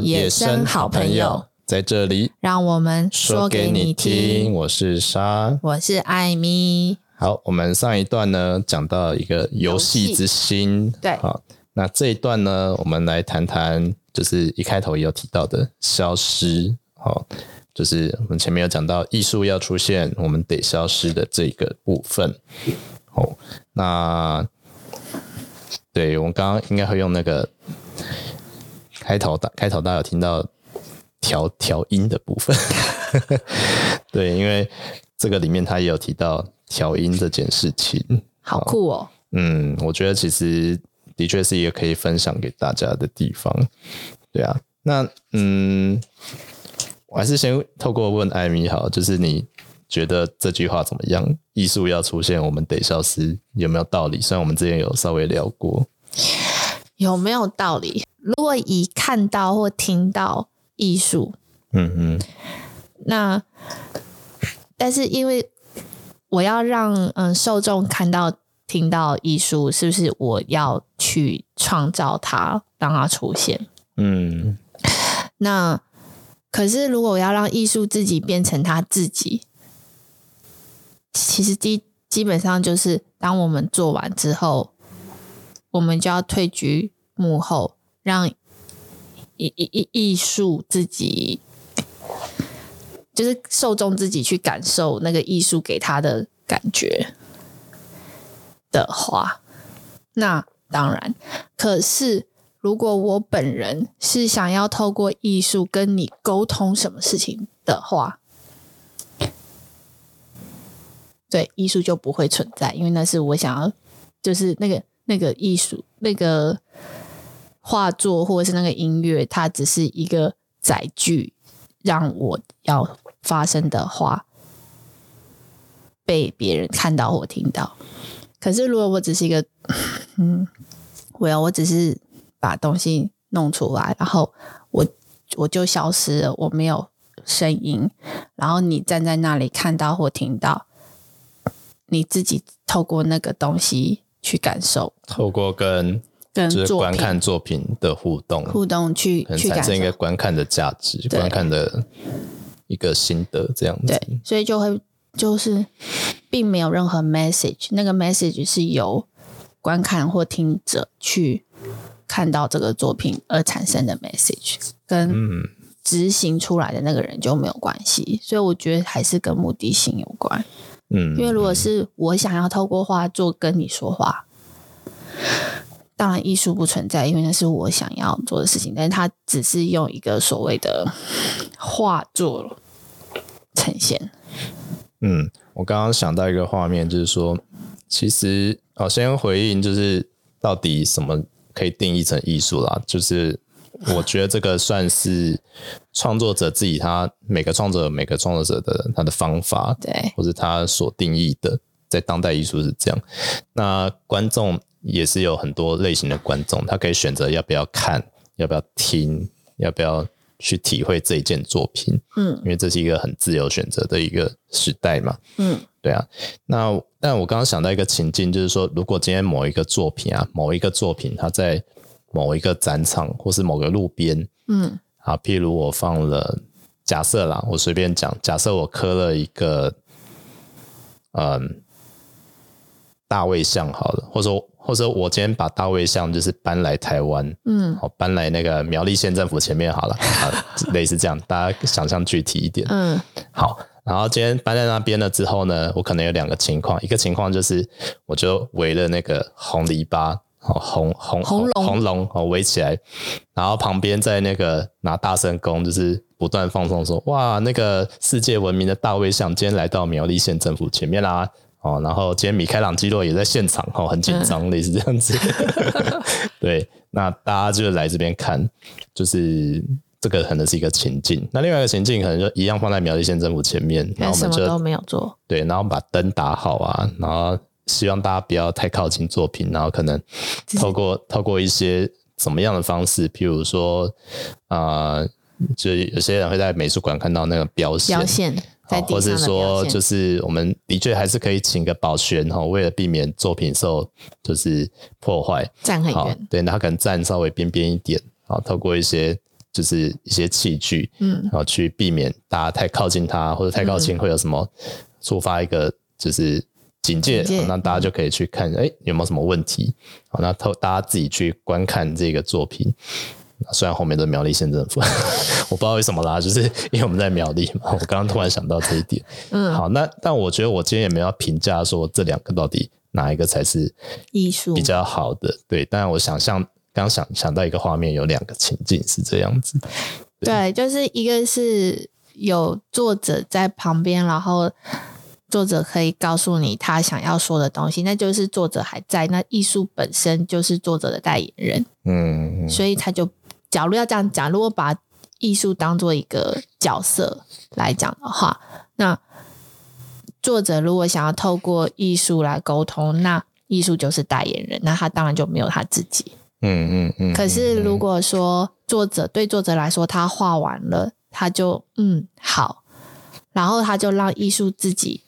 野生好朋友，好朋友在這裡，讓我們說給你聽。我是莎，我是艾米。好，我們上一段呢，講到一個遊戲之心，對。好，那這一段呢，我們來談談，就是一開頭也有提到的消失。好，就是我們前面有講到藝術要出現，我們得消失的這個部分。好，那對我們剛剛應該會用那個。開頭大，開頭大有聽到調調音的部分， 對，因為這個裡面他也有提到調音這件事情，好酷哦。好，嗯，我覺得其實的確是一個可以分享給大家的地方。對啊，那嗯，我還是先透過問艾米，e、好，就是你覺得這句話怎麼樣？藝術要出現，我們得消失，有沒有道理？雖然我們之前有稍微聊過，有沒有道理？如果以看到或聽到藝術，嗯嗯，那，但是因為我要讓嗯受眾看到聽到藝術，是不是我要去創造它，讓它出現？嗯，嗯那，那可是如果我要讓藝術自己變成它自己，其實基基本上就是當我們做完之後。我們就要退居幕後，讓藝藝藝術自己，就是受眾自己去感受那個藝術給他的感覺的話，那當然。可是，如果我本人是想要透過藝術跟你溝通什麼事情的話，對藝術就不會存在，因為那是我想要，就是那個。那個藝術、那個畫作，或者是那個音樂，它只是一個載具，讓我要發生的話被別人看到或聽到。可是，如果我只是一個，嗯，我要我只是把東西弄出來，然後我我就消失了，我沒有聲音，然後你站在那裡看到或聽到，你自己透過那個東西去感受，透過跟跟觀看作品的互動，互動去去感受一個觀看的價值，觀看的一個心得這樣子。對，所以就會就是並沒有任何 message，那個 message 是由觀看或聽者去看到這個作品而產生的 message，跟執行出來的那個人就沒有關係。嗯，所以我覺得還是跟目的性有關。嗯，因為如果是我想要透過畫作跟你說話，嗯嗯，當然藝術不存在，因為那是我想要做的事情，但是它只是用一個所謂的畫作呈現。嗯，我剛剛想到一個畫面，就是說，其實好，哦，先回應就是到底什麼可以定義成藝術啦，就是。我覺得這個算是創作者自己，他每個創作者、每個創作者的他的方法，對，或是他所定義的，在當代藝術是這樣。那觀眾也是有很多類型的觀眾，他可以選擇要不要看，要不要聽，要不要去體會這一件作品。嗯，因為這是一個很自由選擇的一個時代嘛。嗯，對啊。那但我剛剛想到一個情境，就是說，如果今天某一個作品啊，某一個作品，它在。某一個展場，或是某個路邊，嗯，啊，譬如我放了，假設啦，我隨便講，假設我磕了一個，嗯，大衛像好了，或者說，或者說我今天把大衛像就是搬來台灣，嗯，搬來那個苗栗縣政府前面好了，好啊，類似這樣， 大家想象具體一點，嗯，好，然後今天搬在那邊了之後呢，我可能有兩個情況，一個情況就是我就圍了那個紅籬笆。哦、紅紅紅龍，紅龍哦，圍起來，然後旁邊在那個拿大聲公，就是不斷放送說：“哇，那個世界聞名的大衛像今天來到苗栗縣政府前面啦！”哦，然後今天米開朗基羅也在現場哦，很緊張、嗯、類似這樣子。 對，那大家就來這邊看，就是這個可能是一個情境。那另外一個情境可能就一樣放在苗栗縣政府前面，然後我們就什麼都沒有做對，然後把燈打好啊，然後。希望大家不要太靠近作品，然後可能透過是透過一些什麼樣的方式，譬如說啊、呃，就有些人會在美術館看到那個標識，在或者是說，就是我們的確還是可以請個保全，然後為了避免作品受就是破壞，站很遠，對，然後可能站稍微邊邊一點啊，透過一些就是一些器具，嗯，然後去避免大家太靠近它，或者太靠近會有什麼觸、嗯嗯、發一個就是。警戒，警戒，那大家就可以去看一下，哎、嗯欸，有沒有什麼問題？好，那他大家自己去觀看這個作品。雖然後面的苗栗縣政府， 我不知道為什麼啦，就是因為我們在苗栗嘛。我剛剛突然想到這一點。嗯，好，那但我覺得我今天也沒有評價說這兩個到底哪一個才是藝術比較好的。術對，但我想象剛想想到一個畫面，有兩個情境是這樣子。對，對，就是一個是有作者在旁邊，然後。作者可以告訴你他想要說的東西，那就是作者還在。那藝術本身就是作者的代言人，嗯，嗯，所以他就，假如要這樣講，如果把藝術當做一個角色來講的話，那作者如果想要透過藝術來溝通，那藝術就是代言人，那他當然就沒有他自己，嗯嗯嗯。嗯嗯，可是如果說作者對作者來說，他畫完了，他就嗯好，然後他就讓藝術自己。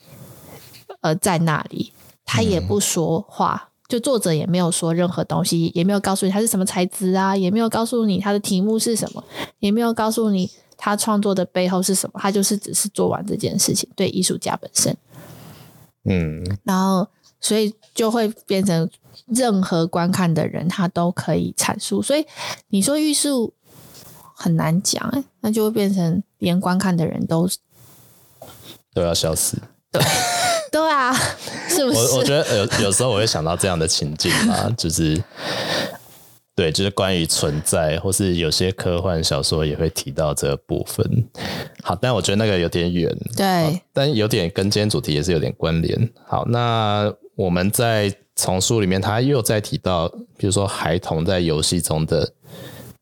呃，而在那裡，他也不說話，嗯、就作者也沒有說任何東西，也沒有告訴你他是什麼材質啊，也沒有告訴你他的題目是什麼，也沒有告訴你他創作的背後是什麼，他就是只是做完這件事情。對藝術家本身，嗯，然後所以就會變成任何觀看的人，他都可以闡述。所以你說藝術很難講，哎，那就會變成連觀看的人都都要消失。對。對啊，是不是？我我覺得有有時候我會想到這樣的情境嘛， 就是對，就是關於存在，或是有些科幻小說也會提到這個部分。好，但我覺得那個有點遠，對，但有點跟今天主題也是有點關聯。好，那我們在叢書裡面，他又再提到，比如說孩童在遊戲中的。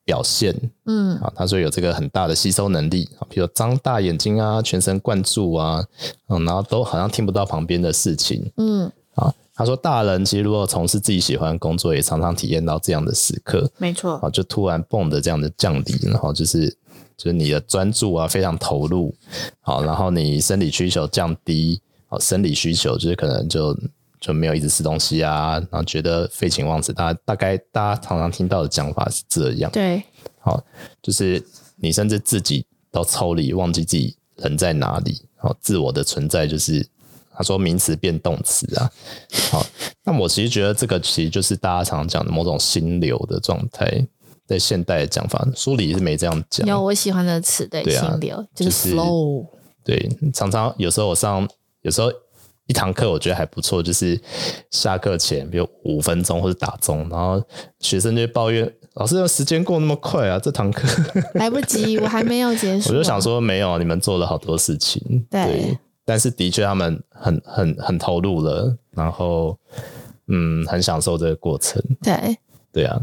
表現，嗯，啊，他說有這個很大的吸收能力啊，比如張大眼睛啊，全神貫注啊，嗯，然後都好像聽不到旁邊的事情，嗯，啊，他說大人其實如果從事自己喜歡工作，也常常體驗到這樣的時刻，沒錯，啊，就突然蹦的這樣的降低，然後就是就是你的專注啊，非常投入，好，然後你生理需求降低，好，生理需求就是可能就，就沒有一直吃東西啊，然後覺得廢寢忘食。大大概大家常常聽到的講法是這樣，對，好，就是你甚至自己都抽離忘記自己人在哪裡，好，自我的存在就是他說名詞變動詞啊，好，那 我其實覺得這個其實就是大家常常講的某種心流的狀態，在現代的講法書裡也是沒這樣講，有我喜歡的詞，對心流對、啊、就是 flow 對，常常有時候我上有時候。一堂課我覺得還不錯，就是下課前，比如五分鐘或者打鐘，然後學生就抱怨：“老師，那時間過那麼快啊！”這堂課 來不及，我還沒有結束。我就想說，沒有，你們做了好多事情，對,對。但是的確，他們很很很投入了，然後嗯，很享受這個過程。對對啊，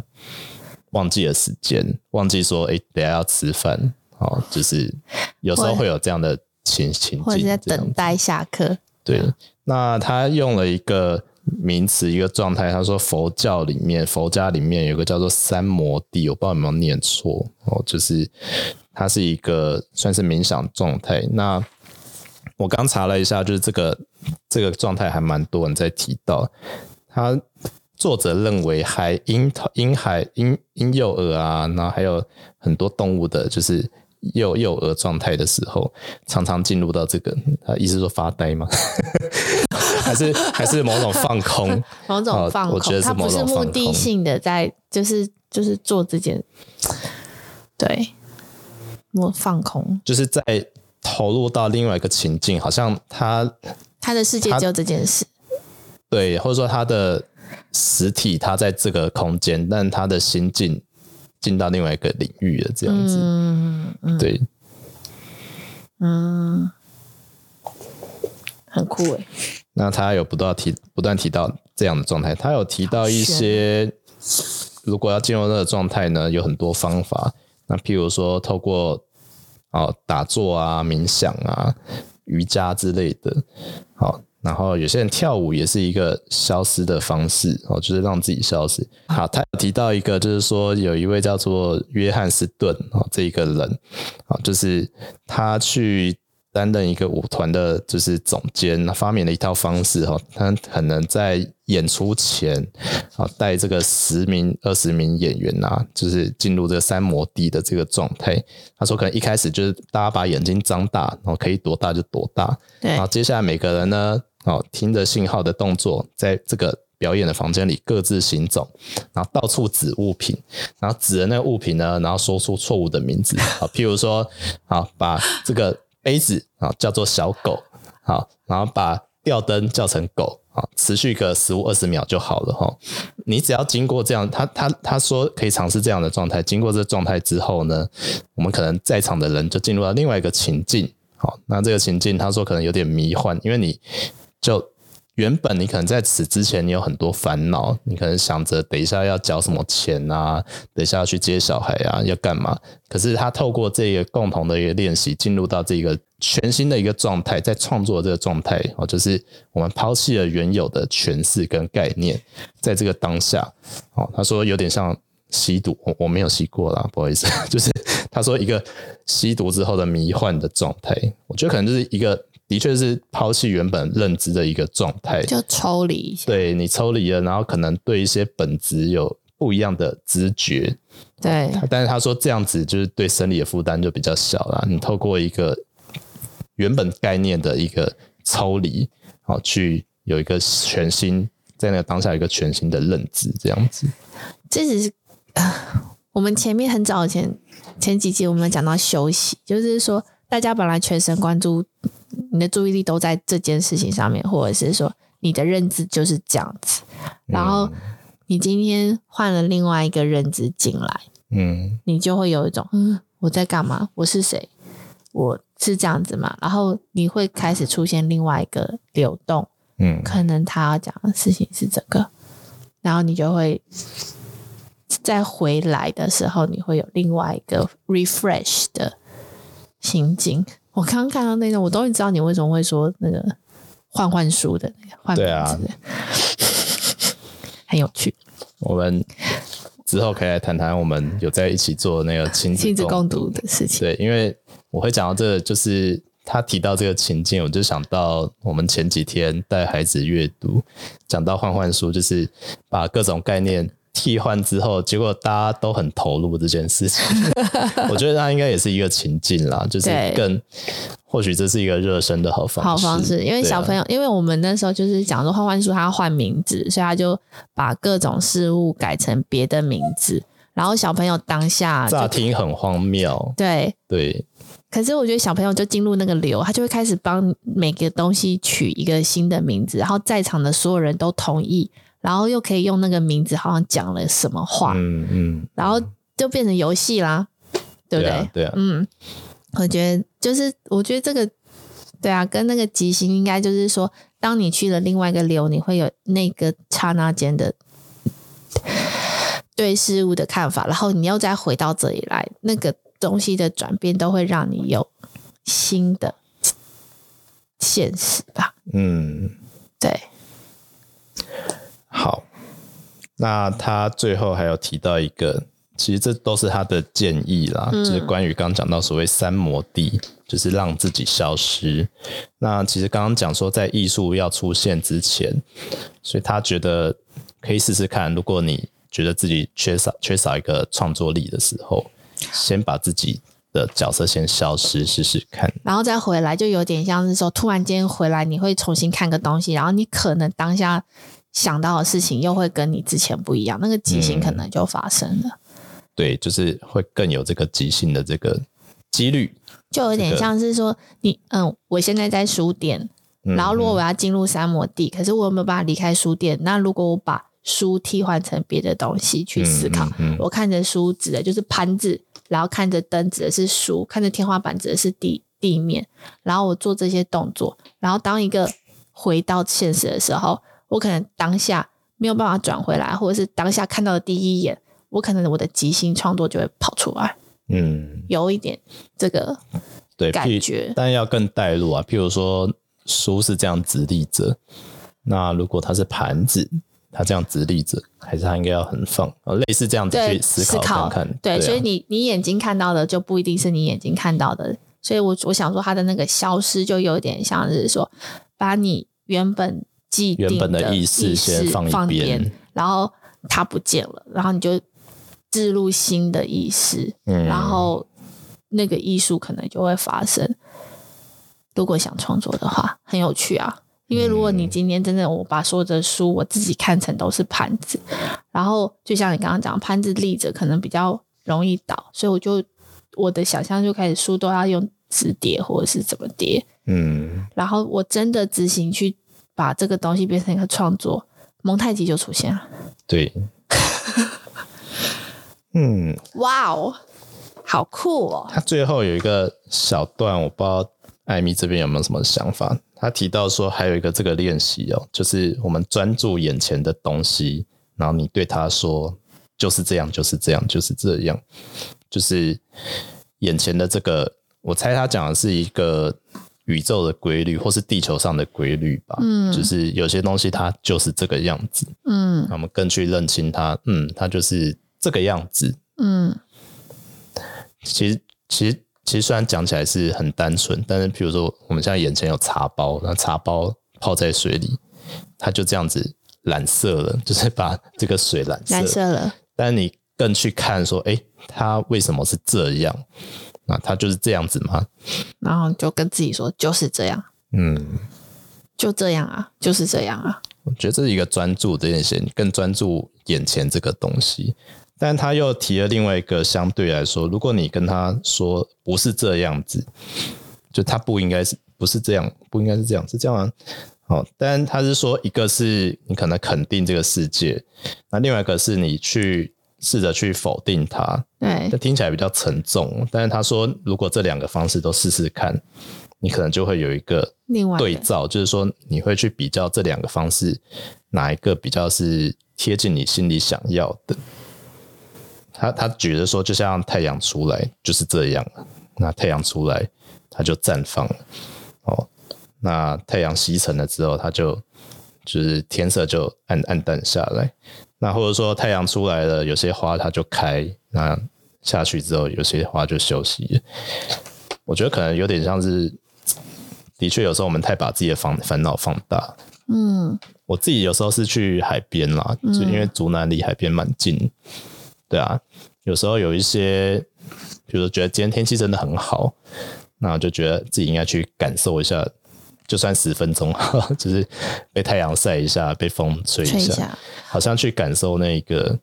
忘記了時間，忘記說：“哎、欸，等下要吃飯。”哦，就是有時候會有這樣的情情景，或者是在等待下課。對，那他用了一個名詞，一個狀態，他說佛教裡面，佛家裡面有個叫做三摩地，我不知道有沒有念錯哦，就是它是一個算是冥想狀態。那我剛查了一下，就是這個這個狀態還蠻多人在提到。他作者認為還，還嬰嬰孩嬰嬰幼兒啊，然後還有很多動物的，就是。幼幼兒狀態的時候，常常進入到這個，他、啊、意思說發呆嗎？ 還是還是某種放空？某種放空，我覺得他不是目的性的在，就是就是做這件。對，我放空，就是在投入到另外一個情境，好像他他的世界他就這件事。對，或者說他的實體，他在這個空間，但他的心境。進到另外一個領域的這樣子，嗯，嗯、對，嗯，很酷哎。那他有不斷提，不斷提到這樣的狀態。他有提到一些，如果要進入那個狀態呢，有很多方法。那譬如說，透過哦打坐啊、冥想啊、瑜伽之類的，好。然後有些人跳舞也是一個消失的方式，哦，就是讓自己消失。好，他提到一個，就是說有一位叫做約翰斯頓啊，這一個人啊，就是他去擔任一個舞團的，就是總監，發明了一套方式，哈，他可能在演出前啊，帶這個十名、二十名演員啊，就是進入這個三摩地的這個狀態。他說，可能一開始就是大家把眼睛張大，然後可以多大就多大，對，然後接下來每個人呢。哦，聽着信號的動作，在這個表演的房間裡各自行走，然後到處指物品，然後指的那個物品呢，然後說出錯誤的名字。好，譬如說，好，把這個杯子啊叫做小狗，好，然後把吊燈叫成狗，啊，持續個十五二十秒就好了哈。你只要經過這樣，他他他說可以嘗試這樣的狀態，經過這狀態之後呢，我們可能在場的人就進入到另外一個情境。好，那這個情境他說可能有點迷幻，因為你。就原本你可能在此之前你有很多煩惱，你可能想着等一下要繳什麼錢啊，等一下要去接小孩啊，要幹嘛？可是他透過這個共同的一個練習，進入到這個全新的一個狀態，在創作這個狀態哦，就是我們拋棄了原有的詮釋跟概念，在這個當下哦，他說有點像吸毒，我我沒有吸過啦。不好意思，就是他說一個吸毒之後的迷幻的狀態，我覺得可能就是一個。的確是拋棄原本認知的一個狀態，就抽離。對，你抽離了，然後可能對一些本質有不一樣的知覺。對，但是他說這樣子就是對生理的負擔就比較小了。你透過一個原本概念的一個抽離，然後、喔、去有一個全新，在那個當下一個全新的認知，這樣子。這只是我們前面很早前前幾集我們講到休息，就是說。大家本來全神貫注，你的注意力都在這件事情上面，或者是說你的認知就是這樣子。然後你今天換了另外一個認知進來，嗯，你就會有一種，嗯，我在幹嘛？我是誰？我是這樣子嘛。然後你會開始出現另外一個流動，嗯，可能他要講的事情是這個，然後你就會再回來的時候，你會有另外一個 refresh 的情景，我剛剛看到那個，我終於知道你為什麼會說那個換換書的那個換，對啊， 很有趣。我們之後可以來談談我們有在一起做那個親子親子共讀的事情。對，因為我會講到這個，就是他提到這個情境，我就想到我們前幾天帶孩子閱讀，講到換換書，就是把各種概念。替換之後，結果大家都很投入這件事情。 我覺得那應該也是一個情境啦， 對就是更或許這是一個熱身的好方式好方式。因為小朋友，啊、因為我們那時候就是講說換換書，他要換名字，所以他就把各種事物改成別的名字。然後小朋友當下乍聽很荒謬，對對。對可是我覺得小朋友就進入那個流，他就會開始幫每個東西取一個新的名字，然後在場的所有人都同意。然後又可以用那個名字，好像講了什麼話，嗯，嗯，然後就變成遊戲啦，嗯，對不對？對啊，對啊，嗯，我覺得就是，我覺得這個，對啊，跟那個即興應該就是說，當你去了另外一個流，你會有那個剎那間的對事物的看法，然後你又再回到這裡來，那個東西的轉變都會讓你有新的現實吧？嗯，對。好，那他最後還有提到一個，其實這都是他的建議啦，嗯、就是關於剛剛講到所謂三摩地，就是讓自己消失。那其實剛剛講說，在藝術要出現之前，所以他覺得可以試試看，如果你覺得自己缺少缺少一個創作力的時候，先把自己的角色先消失試試看，然後再回來，就有點像是說突然間回來，你會重新看個東西，然後你可能當下。想到的事情又會跟你之前不一樣，那個即興可能就發生了，嗯。對，就是會更有這個即興的這個幾率。就有點像是說，這個、你嗯，我現在在書店，嗯、然後如果我要進入三摩地，可是我有沒有辦法離開書店？那如果我把書替換成別的東西去思考，嗯嗯嗯，我看着書指的就是盤子，然後看着燈指的是書，看着天花板指的是地地面，然後我做這些動作，然後當一個回到現實的時候。我可能當下沒有辦法轉回來，或者是當下看到的第一眼，我可能我的即興創作就會跑出來，嗯，有一點這個對，感覺對，但要更帶入啊。譬如說書是這樣直立着，那如果它是盤子，它這樣直立着，還是它應該要橫放？類似這樣子去思考看，看對，思考。對，對啊，所以你你眼睛看到的就不一定是你眼睛看到的。所以我我想說，它的那個消失就有點像是說，把你原本，原本的意識先放一邊，然後它不見了，然後你就置入新的意識，嗯、然後那個藝術可能就會發生。如果想創作的話，很有趣啊！因為如果你今天真的我把所有的書、嗯、我自己看成都是盤子，然後就像你剛剛講，盤子立着可能比較容易倒，所以我就我的想象就開始書都要用紙疊或者是怎麼疊，嗯，然後我真的執行去。把這個東西變成一個創作，蒙太奇就出現了。對， 嗯，哇哦，好酷哦！他最後有一個小段，我不知道艾米這邊有沒有什麼想法。他提到說，還有一個這個練習哦，就是我們專注眼前的東西，然後你對他說：“就是這樣，就是這樣，就是這樣，就是眼前的這個。”我猜他講的是一個，宇宙的規律，或是地球上的規律吧，嗯，就是有些東西它就是這個樣子，嗯，我們更去認清它，嗯，它就是這個樣子，嗯。其實，其實，其實，雖然講起來是很單純，但是，譬如說，我們現在眼前有茶包，那茶包泡在水裡，它就這樣子染色了，就是把這個水染色了。染色了，但你更去看說，哎、欸，它為什麼是這樣？那、啊、他就是這樣子嗎？然後就跟自己說就是這樣。嗯，就這樣啊，就是這樣啊。我覺得這是一個專注，這件事情，更專注眼前這個東西。但他又提了另外一個相對來說，如果你跟他說不是這樣子，就他不應該是不是這樣，不應該是這樣，是這樣啊。好，但他是說一個是你可能肯定這個世界，那另外一個是你去。試着去否定它，對，它聽起來比較沉重。對但是他說，如果這兩個方式都試試看，你可能就會有一個對照，就是說你會去比較這兩個方式哪一個比較是貼近你心裡想要的。他他舉着說，就像太陽出來就是這樣，那太陽出來，它就綻放了。哦，那太陽西沉了之後，它就就是天色就暗暗淡下來。那或者說太陽出來了，有些花它就開，那下去之後有些花就休息。我覺得可能有點像是，的確有時候我們太把自己的煩煩惱放大。嗯，我自己有時候是去海邊啦，嗯、就因為竹南離海邊蠻近。對啊，有時候有一些，比如說覺得今天天氣真的很好，那我就覺得自己應該去感受一下。就算十分鐘，就是被太陽曬一下，被風吹一下，一下好像去感受那個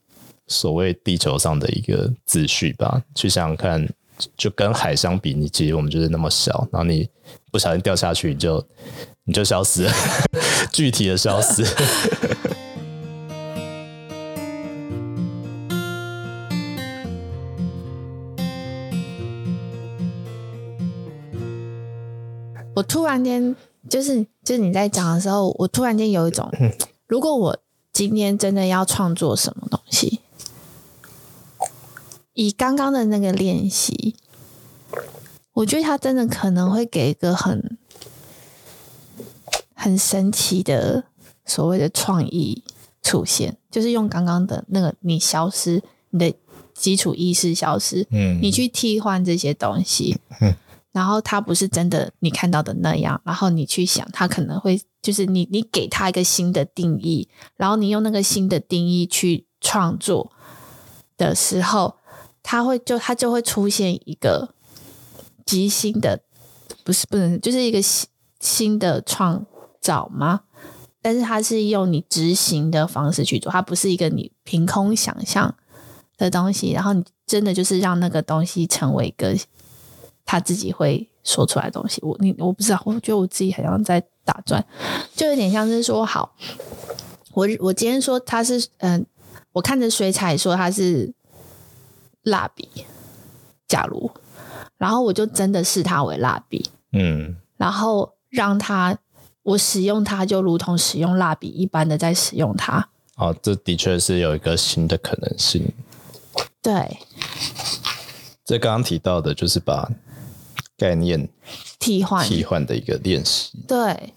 所謂地球上的一個秩序吧。去想想看，就跟海相比，你其實我們就是那麼小，然後你不小心掉下去，你就你就消失，死，具體的消失。 我突然間。就是，就是你在講的時候，我突然間有一種，如果我今天真的要創作什麼東西，以剛剛的那個練習，我覺得它真的可能會給一個很很神奇的所謂的創意出現，就是用剛剛的那個你消失，你的基礎意識消失，嗯，你去替換這些東西，然後他不是真的你看到的那樣，然後你去想他可能會，就是你你給他一個新的定義，然後你用那個新的定義去創作的時候，他會就他就會出現一個即興的，不是不能就是一個新新的創造嗎？但是他是用你執行的方式去做，他不是一個你憑空想象的東西，然後你真的就是讓那個東西成為一個。他自己會說出來的東西，我你我不知道，我覺得我自己好像在打轉，就有點像是說好，我我今天說他是嗯、呃，我看着水彩說他是蠟筆，假如，然後我就真的視他為蠟筆，嗯，然後讓他我使用它，就如同使用蠟筆一般的在使用它。哦，這的確是有一個新的可能性，對，這剛剛提到的就是把。概念替換換替換的一個練習，對，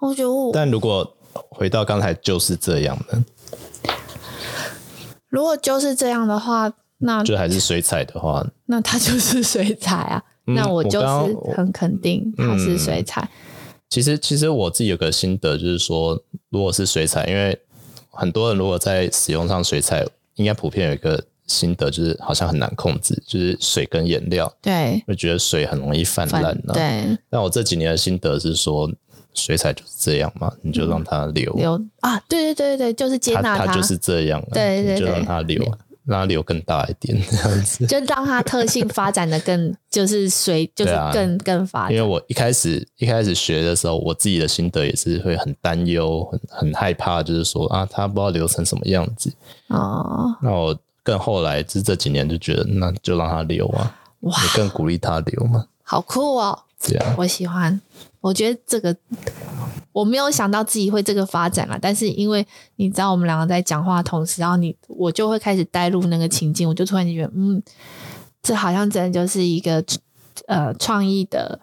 我覺得，但如果回到剛才，就是這樣的。如果就是這樣的話，那就還是水彩的話，那它就是水彩啊。嗯、那我就是很肯定它是水彩。剛剛、嗯。其實，其實我自己有個心得，就是說，如果是水彩，因為很多人如果在使用上水彩，應該普遍有一個。心得就是好像很難控制，就是水跟顏料，對，會覺得水很容易泛濫、啊、對，那我這幾年的心得是說，水彩就是這樣嘛，你就讓它流、嗯、流啊，對對對對，就是接納它，它就是這樣、啊，對，對對，你就讓它流，啊、讓它流更大一點，這樣子就讓它特性發展得更 就是水就是更、啊、更發展。因為我一開始一開始學的時候，我自己的心得也是會很擔憂，很很害怕，就是說啊，它不知道流成什麼樣子哦，那我。更後來這這幾年就覺得，那就讓他留啊，哇，你更鼓勵他留嘛，好酷哦，這樣，我喜歡。我覺得這個我沒有想到自己會這個發展了，但是因為你知道我們兩個在講話的同時，然後你我就會開始帶入那個情境，我就突然就覺得，嗯，這好像真的就是一個呃創意的。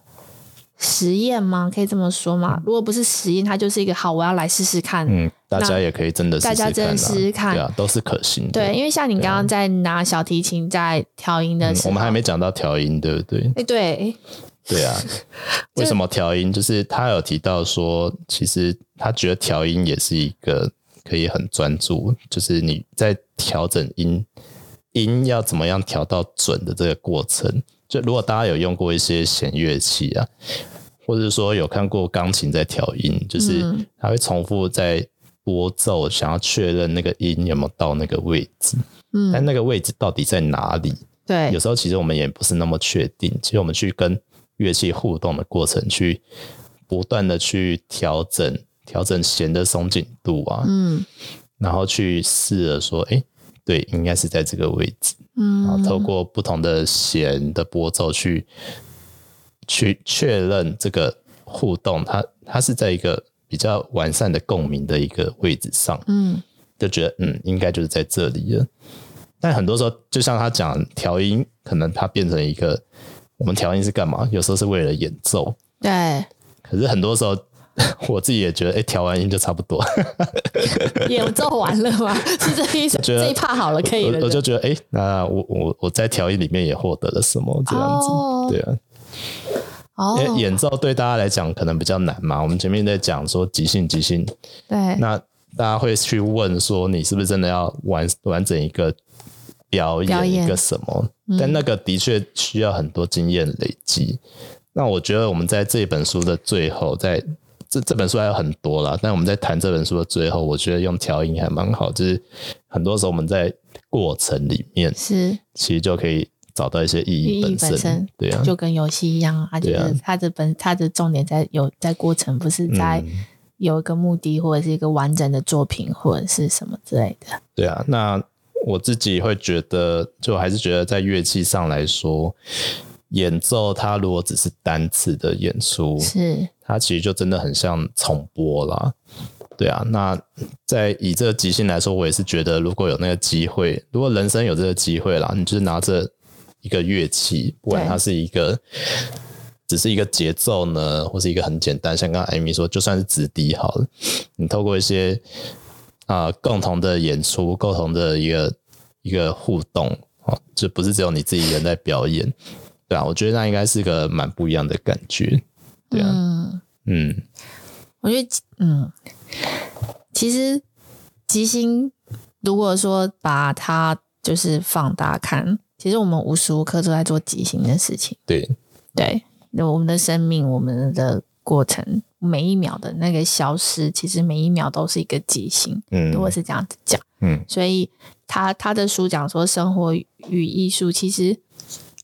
實驗嗎？可以這麼說嗎？如果不是實驗，它就是一個好，我要來試試看。嗯，大家也可以真的試試看啊，大家真的試試看，對啊，都是可行的。對，因為像你剛剛在拿小提琴在調音的時候。對啊。嗯，我們還沒講到調音，對不對？誒，對，對啊。為什麼調音？就是他有提到說，其實他覺得調音也是一個可以很專注，就是你在調整音音要怎麼樣調到準的這個過程。就如果大家有用過一些弦樂器啊，或者是說有看過鋼琴在調音，就是它會重複在撥奏，想要確認那個音有沒有到那個位置。但那個位置到底在哪裡？對、嗯，有時候其實我們也不是那麼確定。對其實我們去跟樂器互動的過程，去不斷的去調整調整弦的鬆緊度啊，嗯，然後去試著說，哎、欸。對，應該是在這個位置。嗯，然後透過不同的弦的撥奏，去去確認這個互動它，它它是在一個比較完善的共鳴的一個位置上。嗯，就覺得嗯，應該就是在這裡了。但很多時候，就像他講調音，可能它變成一個我們調音是幹嘛？有時候是為了演奏。對，可是很多時候。 我自己也覺得，哎、欸，調完音就差不多。 演奏完了嗎？是這意思？ 覺得自己怕好了，可以了，我我。我就覺得，哎、欸，那我我我在調音裡面也獲得了什麼？這樣子，哦、對啊。哦、欸。演奏對大家來講可能比較難嘛。我們前面在講說即興即興，對。那大家會去問說，你是不是真的要完完整一個表演，表演一個什麼？嗯、但那個的確需要很多經驗累積。那我覺得我們在這本書的最後，在這這本書還有很多啦，但我們在談這本書的最後，我覺得用調音還蠻好。就是很多時候我們在過程裡面，是其實就可以找到一些意義本身，對啊，就跟遊戲一樣啊，啊就是、它的本它的重點在有在過程，不是在有一個目的、嗯、或者是一個完整的作品或者是什麼之類的。對啊，那我自己會覺得，就還是覺得在樂器上來說。演奏，它如果只是單次的演出，是它其實就真的很像重播啦，對啊。那在以這個即興來說，我也是覺得，如果有那個機會，如果人生有這個機會啦，你就是拿着一個樂器，不管它是一個對只是一個節奏呢，或是一個很簡單，像剛剛艾米說，就算是直笛好了，你透過一些啊、呃、共同的演出，共同的一個一個互動啊、喔，就不是只有你自己人在表演。對啊，我覺得那應該是個蠻不一樣的感覺。對啊，嗯，嗯，我覺得，嗯，其實即興，如果說把它就是放大看，其實我們無時無刻都在做即興的事情。對，對，那我們的生命，我們的過程，每一秒的那個消失，其實每一秒都是一個即興。嗯，如果是這樣子講，嗯，所以他他的書講說，生活與藝術其實。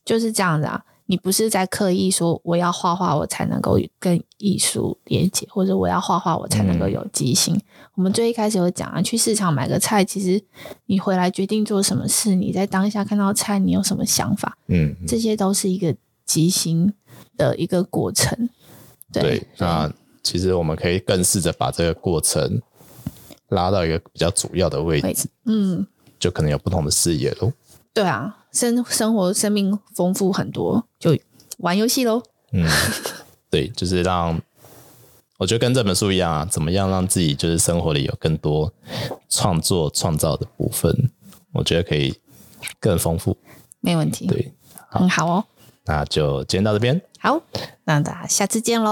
就是這樣子啊，你不是在刻意說我要畫畫，我才能夠跟藝術連接，或者我要畫畫，我才能夠有即興。嗯、我們最一開始有講啊，去市場買個菜，其實你回來決定做什麼事，你在當下看到菜，你有什麼想法？嗯，嗯，這些都是一個即興的一個過程。對，對，那其實我們可以更試着把這個過程拉到一個比較主要的位置，位置，嗯，就可能有不同的視野嘍。對啊。生生活生命豐富很多，就玩遊戲嘍。嗯，對，就是讓我覺得跟這本書一樣啊，怎麼樣讓自己就是生活裡有更多創作創造的部分？我覺得可以更豐富，沒問題。對，很好，嗯，好哦。那就今天到這邊，好，那大家下次見嘍。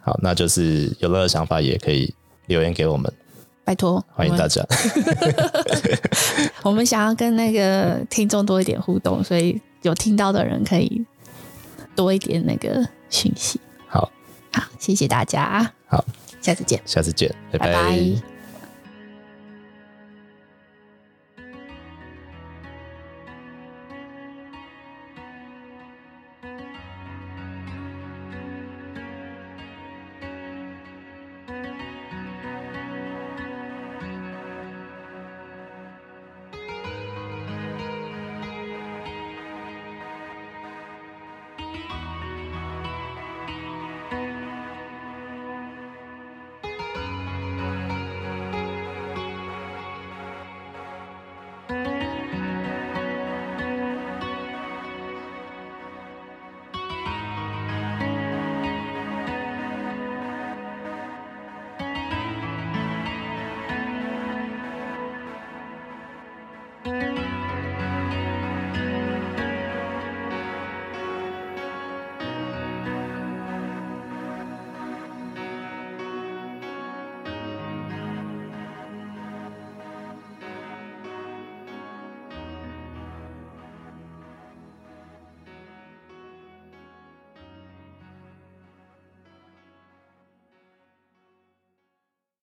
好，那就是有任何想法也可以留言給我們。拜託，歡迎大家。 我們想要跟那個聽眾多一點互動，所以有聽到的人可以多一點那個訊息。好，好，謝謝大家。啊，好，下次見。下次見，拜拜。拜拜。